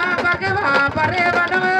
na ba ke ba pare ba na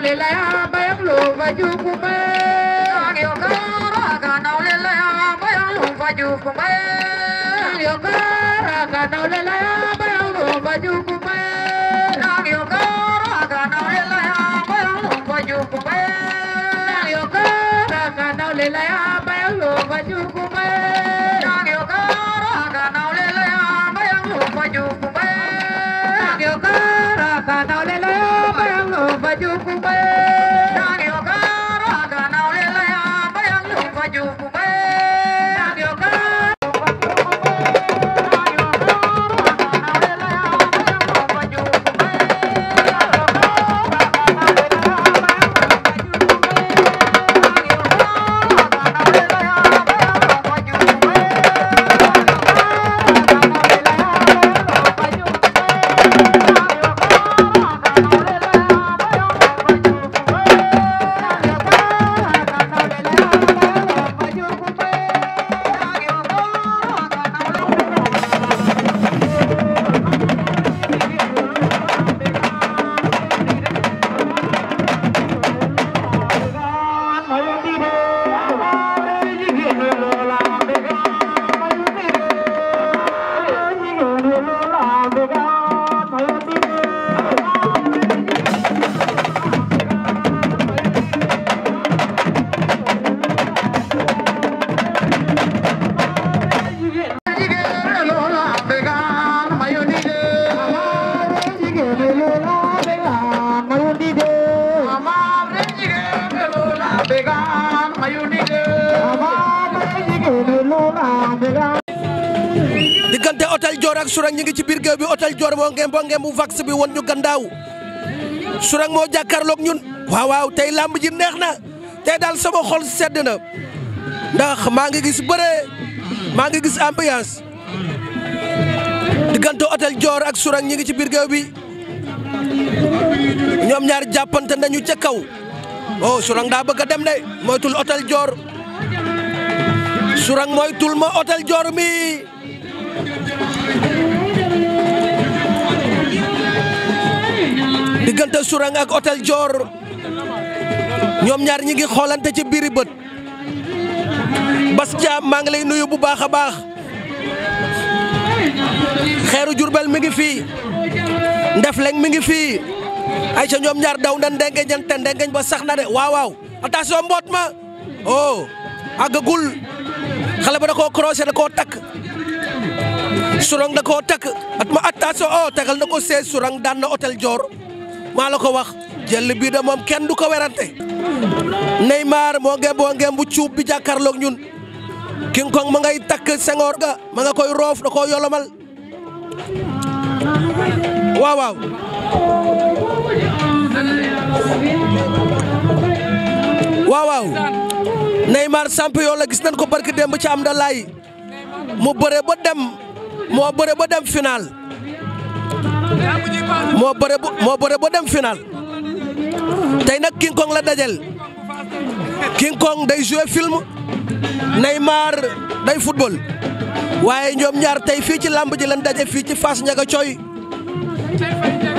lilaya bayang lu baju kumbe Yo kara kanau lilaya bayang lu baju kumbe Yo kara kanau lilaya bayang lu baju kumbe Diouf Mbaye Dior ak Sourang ñu ngi ci biir géew bi hôtel Dior moo ngeen boo ngeen bu vax ñun waaw waaw tey làmb ji neex na te daal sama xol sedd na ndax maa ngi gis bëre maa ngi gis ambiance diggante hôtel joor ak Sourang ñu ngi ci biir géew bi ñaar jàppante nañu ca kaw oh bëgg a dem de moytul hôtel Dior Sourang ma hôtel Dior mi. diggante Sourang ak Hôtel Dior ñoom ñaar ñi ngi xoolante ci biiri bët Bass Thiam maa ngi lay nuyu bu baax a baax xeeru Jurbel mi ngi fii Ndefleng mi ngi fii ayca ñoom ñaar daw na ndengeñ ñante ba sax na de waaw waaw attention mboot ma oh àggagul xale ba da koo croisé da koo takk Sourang da koo takk at ma attention oh tegal na ko see Sourang daan na Hôtel Dior maa la ko wax jël bii de moom kenn du ko werante Neymar moo nge boo bu cuub bi jàkkaarloog ñun King Kong ngay takk sengoor ga ma nga koy roof da ko yolomal waaw waaw waaw waaw la gis nañ ko barki démb ci am da mu bëre ba dem moo bëre ba dem final moo bëre bu moo bëre ba dem final tey nag King la dajel King Kong day jouer film Neymar day football waaye ñoom ñaar tey fii ci làmb ji lan daje fii ci Fass Ndiaga Coy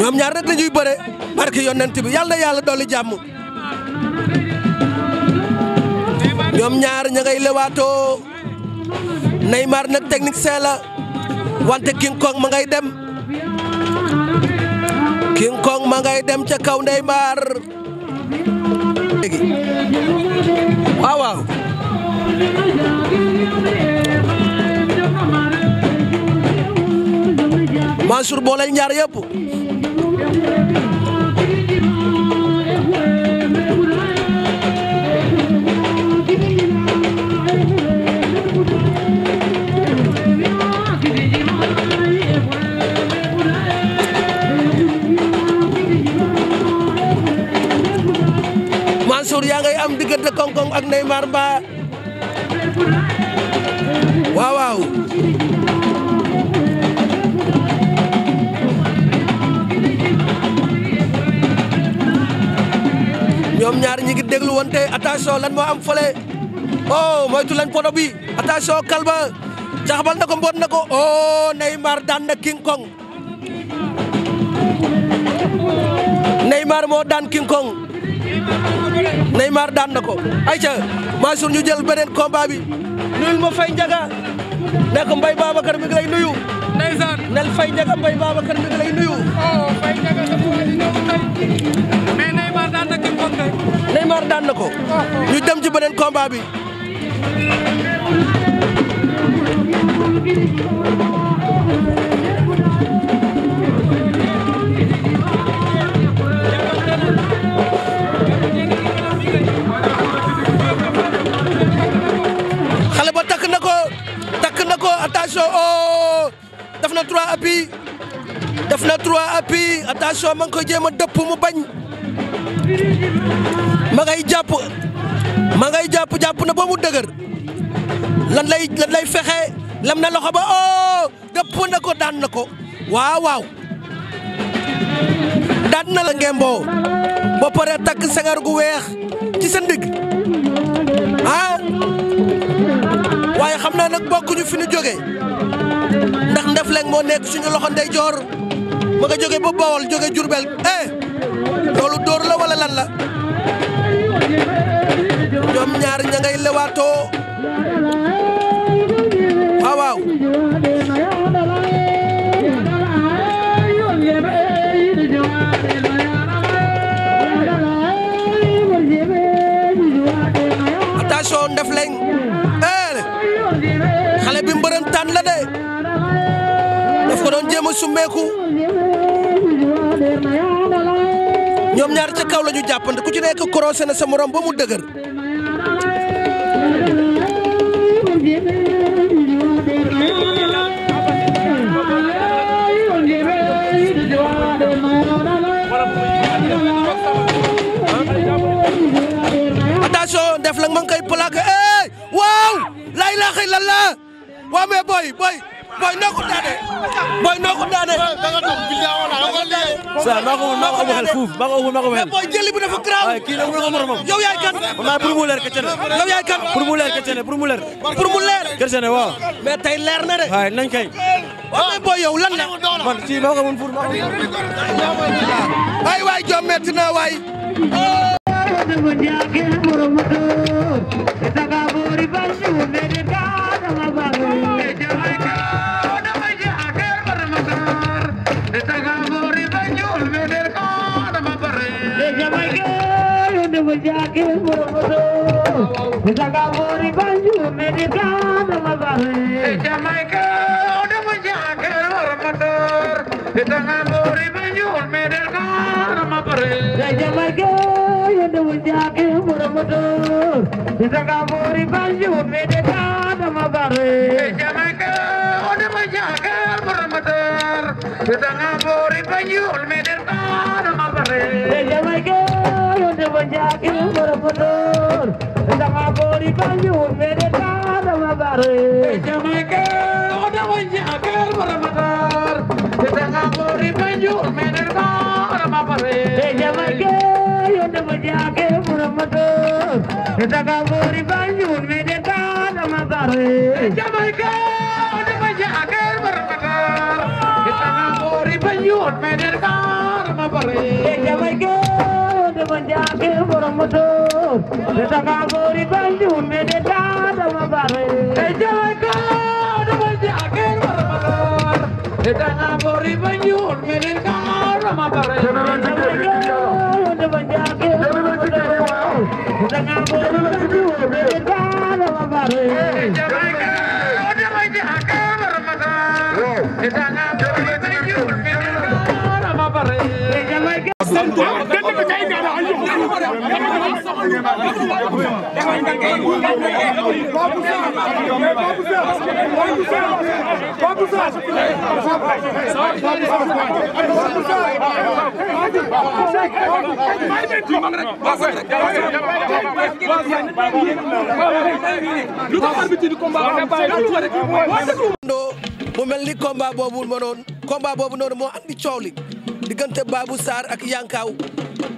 ñoom ñaar rek la ñuy bëre barke yonent bi yàlla na yàlla dolli jàmm ñoom ñaar ña ngay lewaatoo Neymar nag technique see la wante King ma ngay dem King Kong ma ngay dem ca kaw ndey mbaar léegi boole ñaar yëpp retour yaa am diggante koŋ-koŋ ak Neymar Mba waaw ñoom ñaar ñi ngi déglu wante attention lan moo am fële oh moytu lañ poto bi attention kalba jaxabal na ko mboot na ko oh Neymar daan na King Kong Neymar moo daan King Neymar daan na ko ayca Mansour ñu jël beneen combat bi nuyul ma Faye Ndiaga ne ko Mbaye Babacar mi ngi lay nuyu. ndeysaan nel Faye Ndiaga Mbaye Babacar mi ngi lay nuyu. oh Faye Ndiaga dafa daan na kii kon tey. Neymar daan na ko. Oh, oh. ñu dem ci beneen combat appui attention ma ngi koy jéem a dëpp mu bañ ma ngay jàpp jàpp na ba mu dëgër lan lay lan lay fexe lam na loxo ba oh dëpp na ko daan na ko waaw waaw daan na la ngemboo ba pare takk sangar gu weex ci sa ndigg ah waaye xam naa nag bokkuñu fi ñu jógee ndax Ndefleng moo nekk suñu loxo ndeyjoor ma nga jóge ba Bawol jóge Jurbel eh loolu dóor la wala lan la ñoom ñaar ña ngay lewaatoo waaw waaw attention Ndef Leng eh, xale bi mbërëntaan la de daf ko doon jéem a summeeku ñoom ñaar ca kaw la ñu jàppante ku ci nekk croisé na sa morom mu dëgër. attention def la nga koy plaqué eh waaw lay la xëy lan la boy boy. booy noo ko daane. booy noo ko daane. danga toog bi daa woon danga ko liggéey. saa maa ko maa ko xel fuuf maa mais booy jëli bu dafa garaaw. waaye kii nag mu ne ko moromam. yow yaay kan. waaw pour mu mu leer Kethiene pour mu leer. tey leer na de. waaye nañ kay. waaw mais booy yow lan la. man si maa ko mën pour maa ay waay jom metti na waay. Jamaica, una muchacha lo matar. Están a morir mayor, me delgar, me paré. De Jamaica, una muchacha lo matar. Están a morir mayor, me delgar, me paré. De Jamaica, una muchacha lo matar. Están a morir mayor, me delgar, me paré. De Jamaica, una muchacha lo matar. dama boori banjul me de taa dama bare jamake oda wanji agar maramatar de dama boori banjul me de taa dama bare jamake yoda wanji agar maramatar de dama boori banjul me de taa dama bare jamake oda wanji agar maramatar de dama boori banjul me de taa dama bare jamake oda wanji ɓe borom moto ɓe saka gori balɗi hummede dadama bare e jawa ka dabalde agen waramalar ɓe saka gori balɗi hummede dadama bare Jangan Babou Sarr Babou Sarr Babou Sarr Babou Sarr mu mel ni combat boobu mënoon combat boobu noonu moo andi coow li diggante Babou saar ak Yankaaw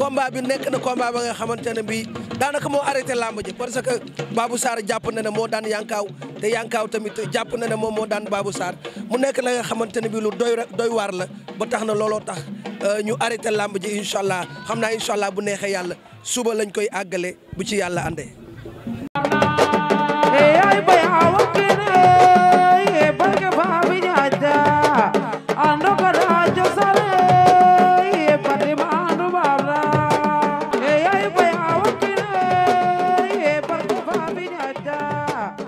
combat bi nekk na combat ba nga xamante ne bii daanaka moo arrêté làmb ji parce que Babou Sarr jàpp na ne moo daan Yankaaw te Yankaaw tamit jàpp na ne moom moo daan Babou Sarr mu nekk na nga xamante ne bii lu doy doy waar la ba tax na looloo tax euh, ñu arrêté làmb ji incha allah xam naa incha allah bu neexee yàlla suba lañ koy àggale bu ci yàlla àndee.